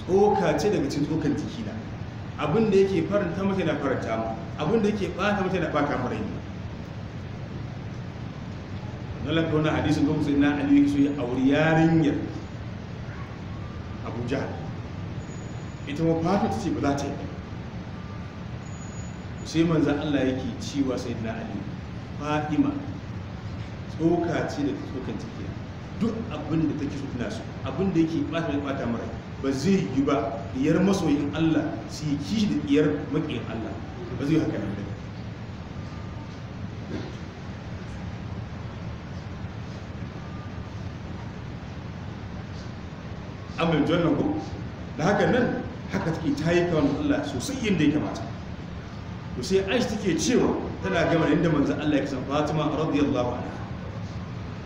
tsoka ce daga cikin tsokan jikina abin da yake faranta mata na faranta mu abin da yake bata mata na bata murai rai dole na wannan hadisin da musulmi na aliyu yake so ya auri yarinyar abuja ita ma fata ta ce ba za ta yi sai manzan allah yake ciwa sai na aliyu fatima tsoka ce da tsokan jikina duk abin da take so tana so abin da yake bata mata mara rai ba zai yi ba diyar masoyin Allah su yi kishi da diyar makiyin Allah ba zai haka nan da amin jannan ko da haka nan haka take ta yi kawon Allah sosai yadda ya kamata to sai aisha take cewa tana gama inda manzan Allah ya kisan fatima radiyallahu anha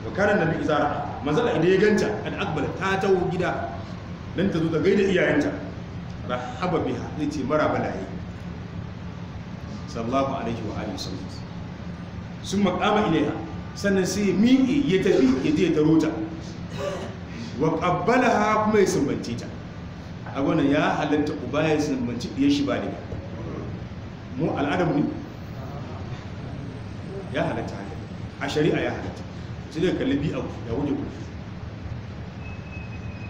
wa kana nabi izara manzala idan ya ganta an akbar ta tawo gida Nan ta zo ta gaida iyayenta rahaba biha zai ce mara balaye sallahu alaihi wa alihi wasallam sun makama ilaiha sannan sai miƙe ya tafi ya je ta rota wa ha kuma ya sumbance ta a wannan ya halatta uba ya sumbanci diyar shi ba daga mu al'adam ne ya halatta a shari'a ya halatta sai da kalli biyu ya wuce kuma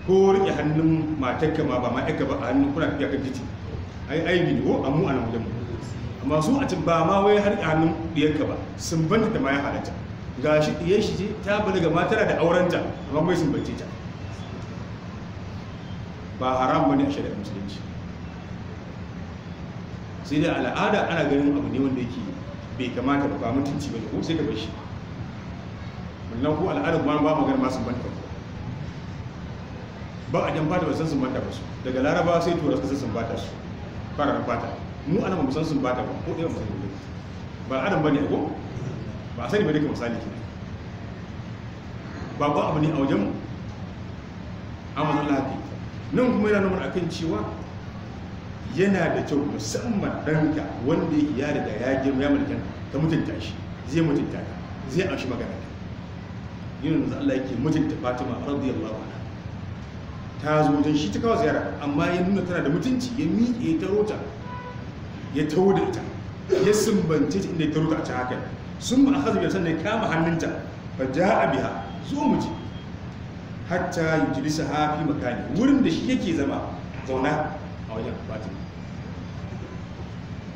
ko a hannun matarka ma ba ma'aika ba a hannun kuna tafiya kan titi ai ai ne ko amma ana nan wajen amma su a cin ba ma wai har hannun diyarka ba sun banta ta ma ya halatta ga shi diyar shi ce ta bari ga tana da aurenta amma mai sun bace ta ba haram bane a shari'ar musulunci sai dai al'ada ana ganin abu ne wanda yake bai kamata ba mutunci ba ko sai ka bar shi wannan ko al'adar ba ma magana ma sun banta ba a jan fata ba san sun bata ba su daga laraba sai turas kasar sun bata su fararen fata mu ana ba san sun bata ba ko ɗaya ba ba ba adam ba ne ko ba a sani ba duka misali ke ba ba abu ne a wajen mu amazon lafi nan kuma yana nuna akan cewa yana da kyau musamman ɗanka wanda ya riga ya girma ya mulkin ka mutunta shi zai mutunta ka zai amshi magana ka yin da Allah yake mutunta Fatima radiyallahu anha ta zo wajen shi ta kawo ziyara amma ya nuna tana da mutunci ya miƙe ya taro ta ya taho da ita ya sumbance ta inda ya taro ta a can haka sun ma aka zubi sannan kama hannunta ba ja a biya zo mu ji hatta yi su hafi makani wurin da shi yake zama zauna a wajen batin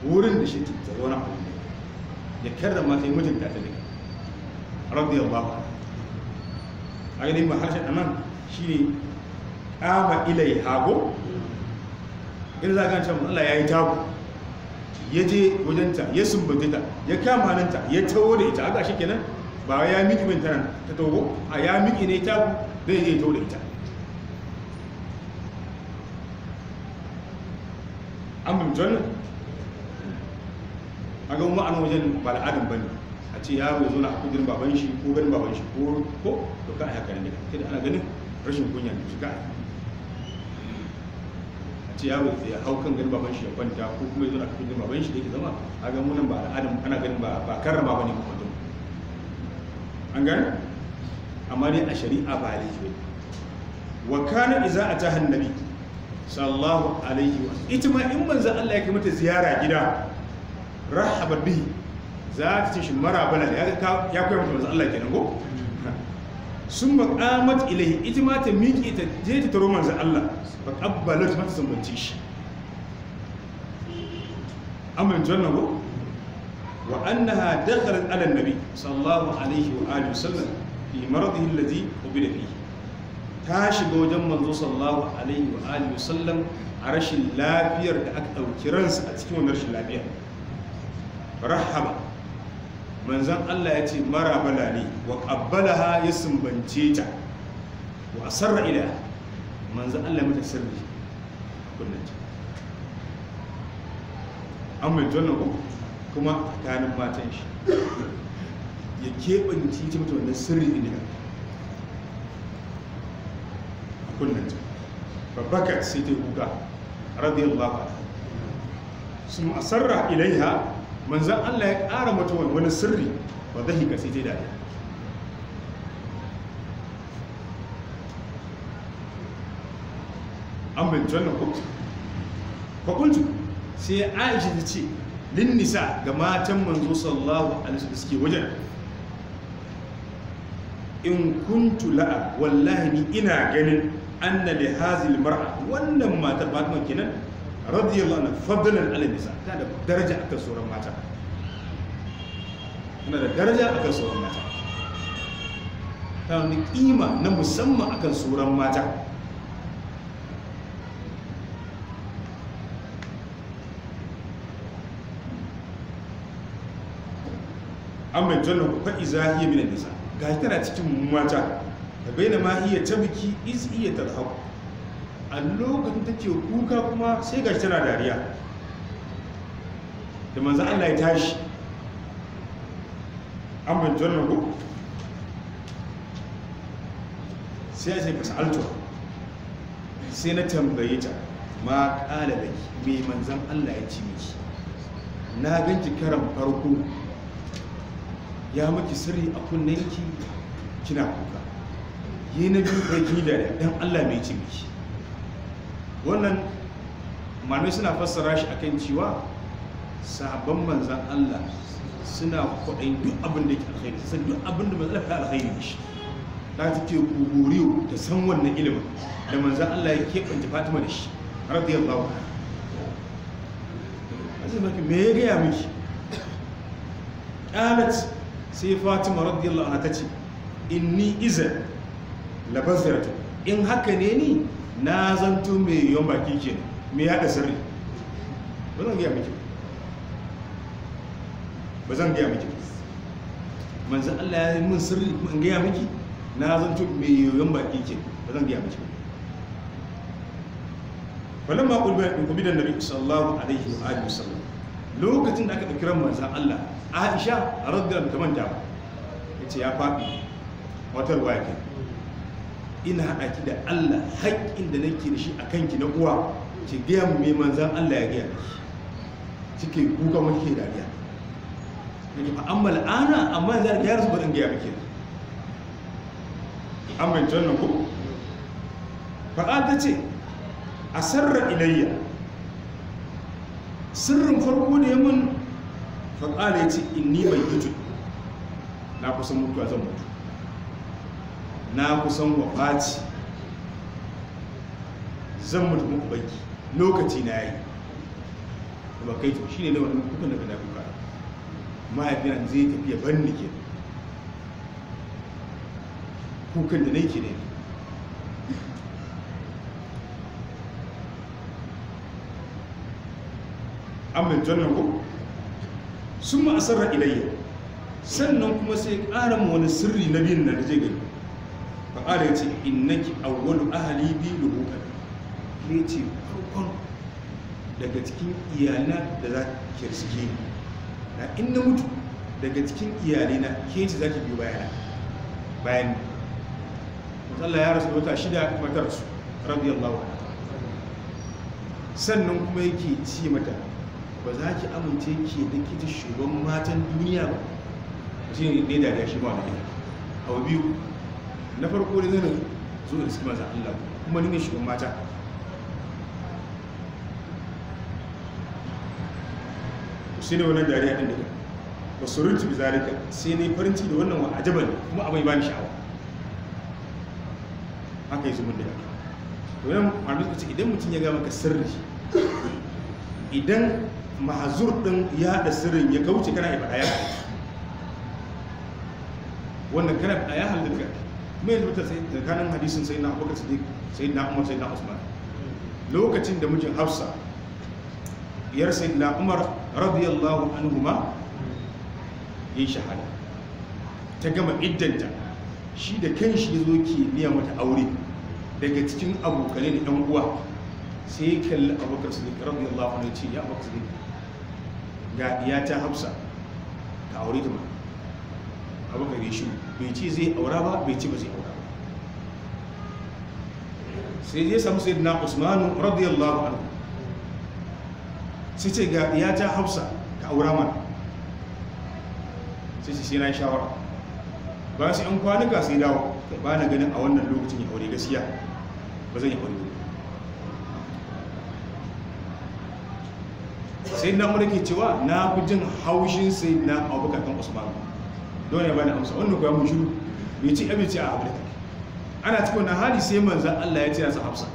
wurin da shi ta zauna a wajen ya karra ma sai mutunta ta daga radiyallahu anhu ainihin maharshen anan ne. Ƙama ilai hagu in za kan can Allah ya yi taku ya je wajenta ya sumbace ta ya kama nan ta ya tawo da ita aka haka shikenan ba ya miki bin ta ta tawo a ya miki ne taku zai je tawo da ita an bin wannan a ga ma'an wajen ba da adam bane a ce ya zo na hakudin baban shi ko ganin baban shi ko ko to ka a haka ne da ana ganin rashin kunya ne shi ka a ce yaro ya hau kan gani baban shi ya kwanta ko kuma ya zo a kafin gani baban shi da yake zama a ga munan ba al'adam ana ganin ba ba karrama bane kuma to an gane amma dai a shari'a ba laifi bane wa kana iza ataha annabi sallallahu alaihi wa ita ma in manzo Allah ya kai mata ziyara gida rahabat bihi za ta ce shi marabana ya ya kai mata manzo Allah kenan ko sun maƙamat ilahi ita ma ta miƙe ta je ta taro manzan Allah ba ƙabbalar ta sambance shi amin jannan ko wa annaha dakhalat ala nabi sallallahu alaihi wa alihi wasallam fi maradihi alladhi ubida fihi ta shiga wajen manzo sallallahu alaihi wa alihi wasallam a rashin lafiyar da aka ɗauki ransa a cikin wannan rashin lafiyar rahaba manzan Allah ya ce mara ne wa ha ya sumbance ta wa a asarra ila manzan Allah mata sirri kullun an mai tona ko kuma tsakanin matan shi ya keɓanci ta mata wannan sirri ne a kullun ta babbakar sai ta kuka radiyallahu anha sun asarra ilaiha manzan Allah ya ƙara mata wani sirri ba zai hika sai ta an bincin wannan hukunci hukunci sai aisha ta ce linnisa ga matan manzo sallahu alaihi suke wajen in kuntu la'a wallahi ni ina ganin anna li hazil mar'a wannan matar Fatima kenan radiyallahu anha fadlan ala nisa tana da daraja akan sauran mata tana da daraja akan sauran mata tana da kima na musamman akan sauran mata amma janna ku fa izahiya min nisa ga tana cikin mata ta bayyana ma iya tabki iz iya tadhaku a lokacin ta ce kuka kuma sai gashi tana dariya da manzan Allah ya tashi an bincin wannan ko sai ya ce fasaltu sai na tambaye ta ma ƙala da mai manzan Allah ya ci miki na ganci karan farko ya maki sirri a kunnenki kina kuka yi na biyu kai da dan Allah mai ci miki wannan malamai suna fassara shi akan cewa sabon manzan Allah suna kwaɗayin duk abin da ke alkhairi sun duk abin da manzan Allah alkhairi da shi ta take kuburiyo da san wannan ilimin da manzan Allah ya keɓanta Fatima da shi radiyallahu anha azai maki me ya gaya miki qalat sai Fatima radiyallahu anha tace inni izan labaziratu in haka ne ni na zantu mai yawan baki ke mai yada sirri ba zan gaya miki ba zan gaya miki manzan Allah ya yi min sirri in gaya miki na zantu mai yawan baki ke ba zan gaya miki falon ma kubi da nabi sallahu alaihi wa alihi sallam lokacin da aka ɗauki ran manzan Allah Aisha radiyallahu anha ta manta ya ce ya faɗi watarwa ruwaya ke. ina haɗa da Allah haƙƙin da nake da shi a kanki na uwa ki gaya mu mai manzan Allah ya gaya ki kike kuka mu kike dariya nake fa amma al'ana amma zan gaya su ba zan gaya miki an ban jannan ko faɗa ta ce a sarra ilayya sirrin farko da ya mun faɗa ne ce inni mai yutu na kusan mutuwa zan mutu na kusan wafaci zan mutu muku banki lokaci na yi ba kai to shine ne wannan kukan daga dafi fara mahaifina zai tafiya ban ni ke kukan da nake ne amin jannan ko sun ma'asarra ilayya sannan kuma sai ƙara wani sirri na biyun na da zai gani fa ƙara ya ce innaki awwalu ahali bi lubukan ya ce farkon daga cikin iyalina da za ki riske na in na mutu daga cikin iyalina ke ce za ki biyo bayana bayan matsala ya rasu wata shida matar su radiyallahu ala sannan kuma yake ci mata ba za ki amince ke da ke ta shugaban matan duniya ba shi ne da ya shi ba da ɗaya abu biyu na farko da zanen zo da suke maza Allah kuma ni shi shugaban mata shi ne wannan dariya ɗin daga ba su rinci bi zarika sai ne farin ciki da wannan wa ajaban kuma abai bani sha'awa haka yi zumun da ya to wani malamin suka ce idan mutum ya gama ka sirri idan mahazur ɗin ya da sirrin ya kauce kana ibada ya wannan kana ibada ya halin ka mai zubuta tsakanin hadisin sai na abokan sadiq sai na umar sai na usman lokacin da mijin hafsa yar sai na umar radiyallahu anhu ma yi shahada ta gama iddanta shi da kan shi ya zo ke niya mata aure daga cikin abokanin yan uwa sai ya kalli abokan sadiq radiyallahu anhu ya ce ya abokan sadiq ga iya ta hafsa ka aure ta mata abu gare shi bai ci zai aura ba bai ci ba zai aura ba. sai zai samu sai na usmanu radiyallahu anhu sai ce ga ya ta hafsa ka aura mana sai ce sai na shawara ba sai an kwanuka sai dawo ba na ganin a wannan lokacin ya aure gaskiya ba zan yi aure sai na mulki cewa na fi jin haushin sai na abubakar kan usmanu don ya bani amsa wannan kuwa mun shiru bai ci abinci a da ana cikin na hali sai manzan Allah ya ce yasa hafsa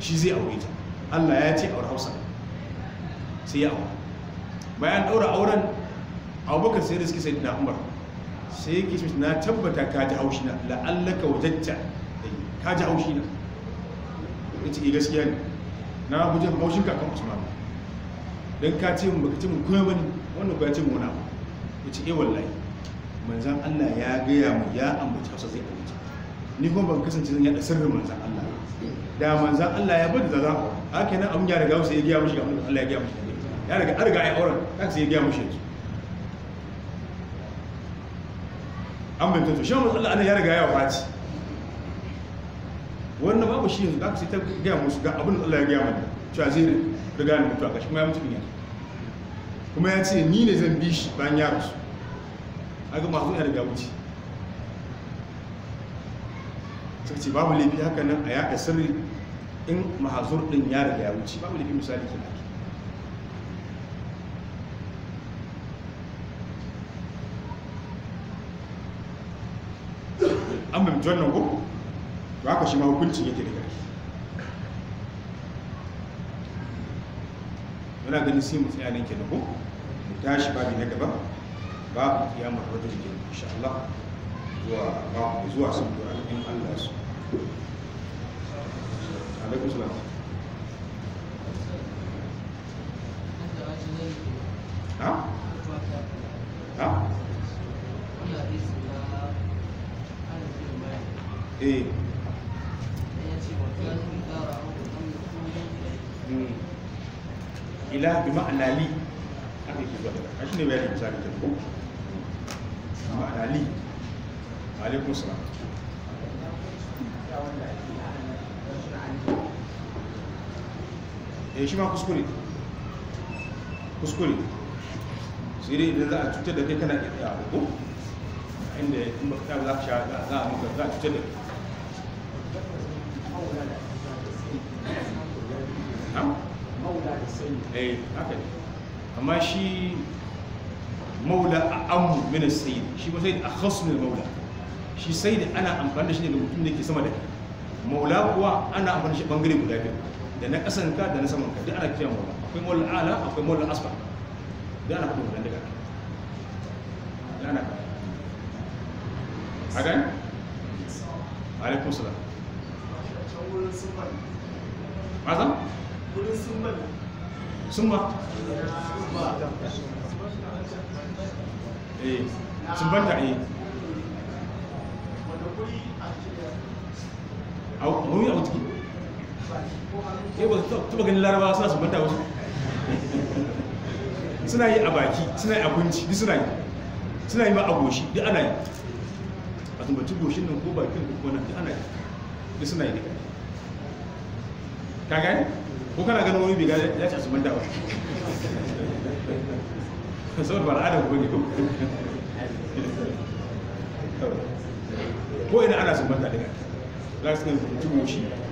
shi zai aure ta Allah ya ce aure hafsa sai ya aure bayan daura auren abubakar sai da suke sai na umar sai yake shi na tabbata ka ji haushi na la'allaka wajacca ka ji haushi na ya ce eh, gaskiya ne na gujin haushin kakan usman don ka ce mun baka mun kuma bane wannan ba ya ce mun wani abu ya ce eh wallahi manzan Allah ya gaya mu ya ambaci hausa zai ambaci ni kuma ban kasance zan yada sirrin manzan Allah da manzan Allah ya bada zaza haka nan abin ya riga musu ya gaya mushi abin Allah ya gaya mushi ya riga an riga ai auren haka sai ya gaya mushi yanzu an bai tuntu shi Allah ana ya riga ya wace wannan babu shi yanzu k'a sai ta gaya musu ga abin Allah ya gaya mana cewa zai riga ni mutu a kashi kuma ya mutu ne kuma ya ce ni ne zan bi shi bayan ya rasu aga masu yana da wuce suka ce babu laifi haka nan a yaɗa sirri in mahazur ɗin ya riga ya wuce babu laifi misali ke nake an bamci wannan ko to haka shi ma hukuncin yake da ƙarfi muna ganin sai mu tsaya ninki ke ko mu tashi babu na gaba babu kiyamar wajen ke insha Allah zuwa babu zuwa sun da in Allah su alaikum salam Eh, shi ma kuskure kuskure sai dai idan za a cutar da kai kana iya tsaya hukum inda ya kuma ba za ka sha za a muka za a cutar da kai eh, amma shi maula a amu mina sayid shi ba sayid a khasmin maula shi sayid ana amfani da shi ne da mutum da ke sama da maula kuwa ana amfani da shi bangare guda biyu da na kasan da na saman duk ana kiyan maula akwai maula ala akwai maula asfa duk ana kuma daga duk ana a gani alaikun sala maza wurin sumba sumba eh sumban ta eh wadda kuri a cikin a wuri a yau ba taba ganin larabawa suna su manta wasu suna yi a baki suna yi a kunci duk suna yi suna yi ma a goshi duk ana yi a tumbaci goshin nan ko bakin ko kuma nan duk ana yi duk suna yi duka ka gani ko kana ganin wani biga ya ci su manta wasu saboda da al'adar ko ne ko ina ana sun manta duka za su kan tumbaci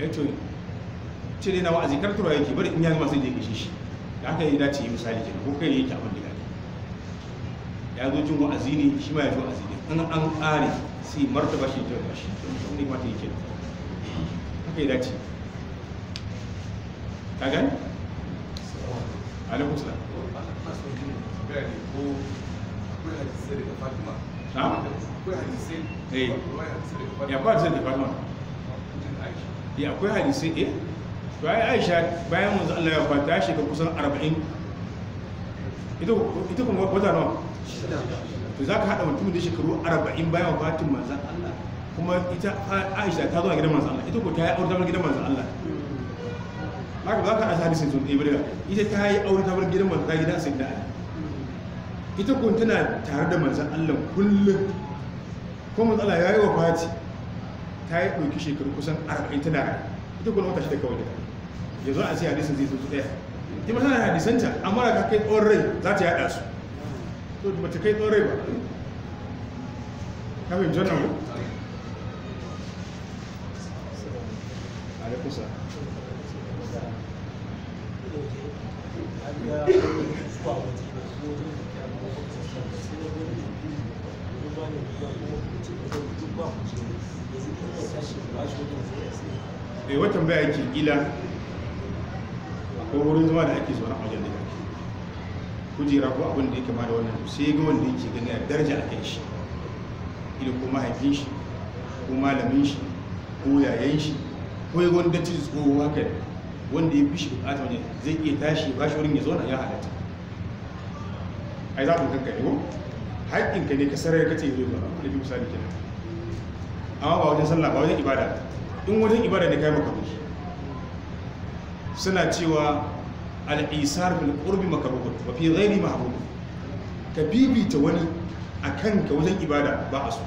eto eh ce dai na wa'azi kartura yake bari in ya gama sai je kashe shi da haka yi dace yi misali kenan ko kai yake abin da gani ya zo jin wa'azi ne shi ma ya zo wa'azi ne in an ƙare sai martaba shi ta bashi ne mata yake haka ya dace ka gani alaikum salam ko akwai hadisi daga fatima ya ba ya akwai hadisi eh to aisha bayan wanzu allah ya kwata shiga kusan 40 ita kuma wata nawa to za ka haɗa mutumin da shekaru 40 bayan manzan allah kuma ita aisha ta zuwa gidan manzan allah hmm. ita ta yi aure ta gidan manzan allah ka sun ɗaya ita ta yi gidan manzan allah ita kun tana tare da manzan Allah kullum ko matsala ya yi wa fati ta yi ɗauki shekaru kusan arba'in tana rai ita kun wata shi da kawai da yanzu a sai hadisin zai zuzu ɗaya ita ma tana hadisan ta amma da kai tsawon rai za ta yada su to ba ta kai tsawon rai ba ka fahimci wannan ko alaikum salam Thank eh watan baya yake gila akwai wurin zama da ake zaune a wajen da yake kujera ko abin da ya kama da wannan sai ga wanda yake gani a daraja a kan shi ila ko mahaifin shi ko malamin shi ko yayan shi ko ya wani dattin tsoho haka wanda ya fi shi bukata wani zai iya tashi ba shi wurin ya zauna ya halatta ai za ku kankare ko haƙƙinka ne ka sarar ka ce zai ba da bi misali kenan amma ba wajen sallah ba wajen ibada in wajen ibada ne kai maka bushi suna cewa al-isar bil qurbi makruh wa fi ghairi mahbub ka bibita wani akan ka wajen ibada ba a so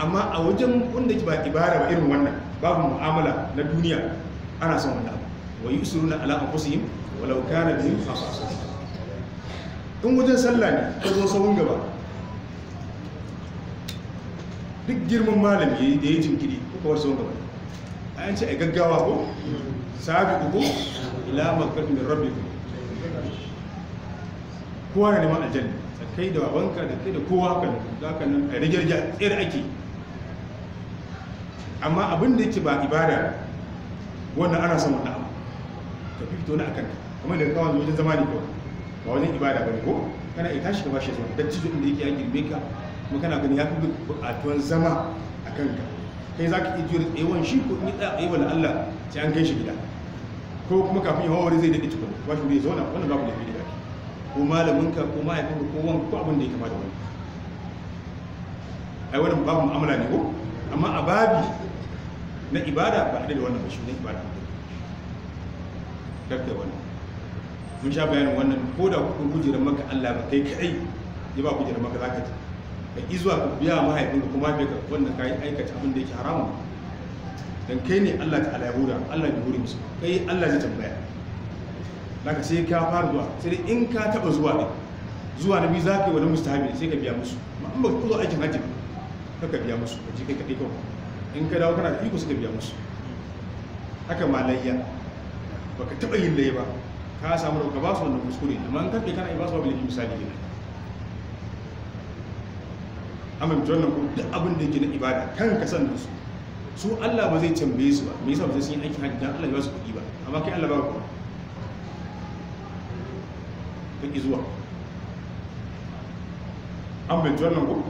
amma a wajen wanda ba ibada ba irin wannan babu mu'amala na duniya ana son wannan wa yusuruna ala anfusihim walau kana bihim khasasa in wajen sallah ne ta zo sahun gaba duk girman malami da ya jinkiri kuka wasu sahun gaba a ce a gaggawa ko sabi ko ila makarfi min rabbi kowa na neman aljanna a kai da wabanka da kai da kowa haka da haka nan a rigirgiya tsere ake amma abin da yake ba ibada wannan ana son wannan abu ka fito na akan kamar da kawai wajen zama ne kawai ba wani ibada ba ne ko kana ita tashi ka bashi zuwa dan cikin da yake ya girme ka kuma kana gani ya fi buƙatuwar zama a kanka kai za ka iya jure tsayuwan shi ko in yi yi wani Allah sai an kai shi gida ko kuma kafin yawon wani zai daɗe tukun ba shi wuri ya zauna wannan babu laifi da ke ko malaminka ko mahaifinka ko wani ko abin da ya kama da wani ai wannan babu mu'amala ne ko amma a babi na ibada ba a da wannan ba shi ne ibada ba da wannan mun sha bayanin wannan ko da kuka kujerar maka Allah ba kai kai ya ba kujerar maka za ka ci ka ki zuwa ka biya mahaifin ka kuma bai ka wannan kayi aikata abin da yake haramun dan kai ne Allah ta ala yahuda Allah bai hore musu kai Allah zai tambaya zaka sai ka fara zuwa sai in ka taba zuwa ne zuwa na biyu za ka yi wani mustahabi sai ka biya musu in ba ku zo aikin hajji ba ka biya musu ka je kai kaɗai kawai in ka dawo kana da iko suka biya musu haka malayya baka taɓa yin laiba ka samu da ka ba su wanda kuskure amma an karfe kana ba su babu laifi misali gina amma mutum na kuma duk abin da ke na ibada kan ka san da su su Allah ba zai canbe su ba me yasa ba sun yi aikin hajji don Allah ya ba su kuɗi ba amma kai Allah ba ku kan ki zuwa an bai tuwar nan kuma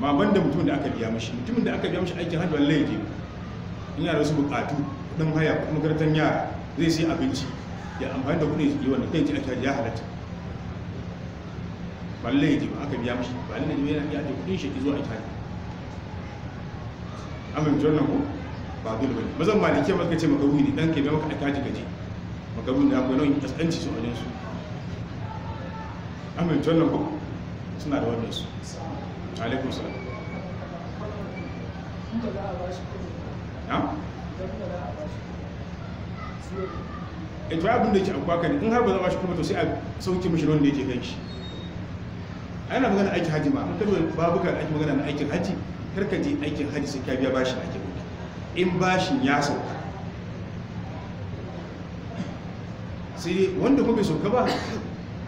ma ban da mutumin da aka biya mashi mutumin da aka biya mashi aikin hajji wallahi laifi ina da wasu bukatu ɗan haya kuma makarantar yara zai sai abinci ya amfani da kudin yi wanda kai ce a caji ya halatta ba ya ji ba aka biya mashi ba lalle ji yana iya ajiye kudin shi zuwa italiya amin jordan ko ba dole ne mazan malike maka ce maka ne ɗan ke bai maka aikaji gaji maka ruhi da akwai nauyin kaskanci su wajen su amin jordan ko suna da wannan su alaikum salam ya? in to abin da yake abu baka ne in har ba zama shi kuma to sai a sauke mashi ruwan da yake gan shi ana magana aikin haji ma an kada babuka ake magana na aikin haji kar ka je aikin haji sai kya biya bashin ake kuɗi in bashin ya sauka sai wanda kuma bai sauka ba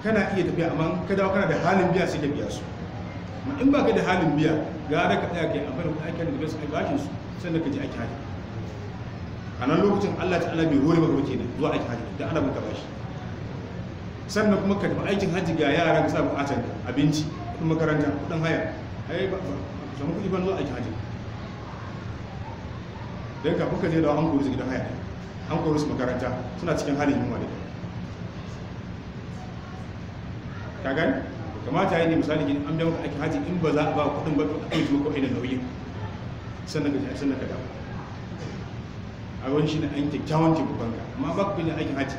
kana iya tafiya amma ka dawo kana da halin biya sai ka biya su in ba ka da halin biya gara ka tsaya kai amfani da aikin da bai su bashin su sannan ka je aikin haji a nan lokacin Allah ta'ala bai ba maka kenan zuwa aikin hajji da ana ba bashi sannan kuma ka tafi aikin hajji ga yara ka sa atan abinci kudin makaranta kudin haya ai ba samu kuɗi ban zuwa aikin hajji dan kafin ka je da an kori su gidan haya an kori su makaranta suna cikin halin yunwa da ka gani kamata yi ne misali gini an biya maka aikin hajji in ba za a ba kuɗin ba ka ɗauki maka wa'ina nauyin sannan ka sannan ka dawo a wani shi ne an kyakkyawan taimakon ka amma ba ku filin aikin hajji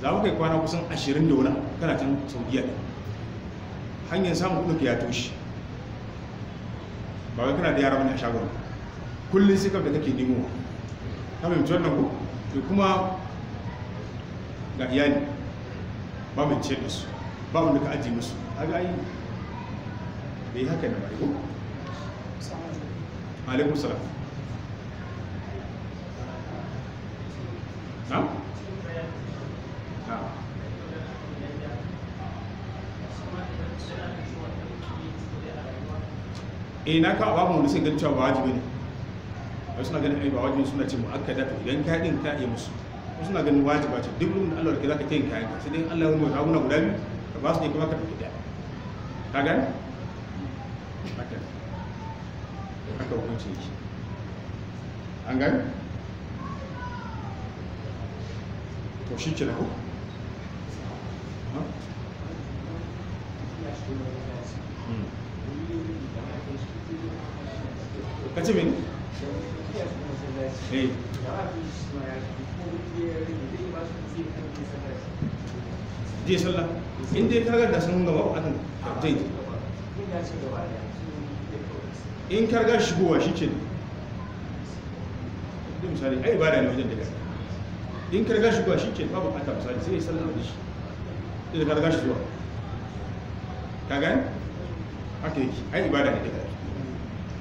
za mu kai kwana kusan ashirin da wani kana saudiya ne hanyar samun kuɗin ya toshe ba wai kana da yara wani a shagon kullum sai da kake nemo ka mai mutuwar nan ko kuma ga iyali ba mai ce da su ba wanda ka ajiye musu a ga yi bai haka da ba yi ko alaikum salam na? na eh, na kawo babu sai ganin cewa ba wajibi ne wasu na ganin ai ba wajibi suna ce aka to idan ka din ka iya musu wasu na ganin wajiba ce duk lokacin da Allah ya zaka tayin kayan ka sai dai Allah ya wani wata guna guda biyu ka ba su ne kuma ka tafi da ka gani aka haka hukunci yake an gani to shi ke ko ka ce mini? eh je sallah in dai ka da sun gaba bukatun zai je in karga shigowa shi ke da misali ai ibada ne wajen da in karga shi ba shi ce ba bukata misali sai ya sallar da shi in ka shi zuwa kaga ne haka yake ai ibada ake da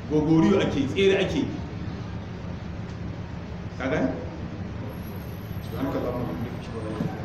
gogoriyo ake tsere ake ka gani subhanaka da ba.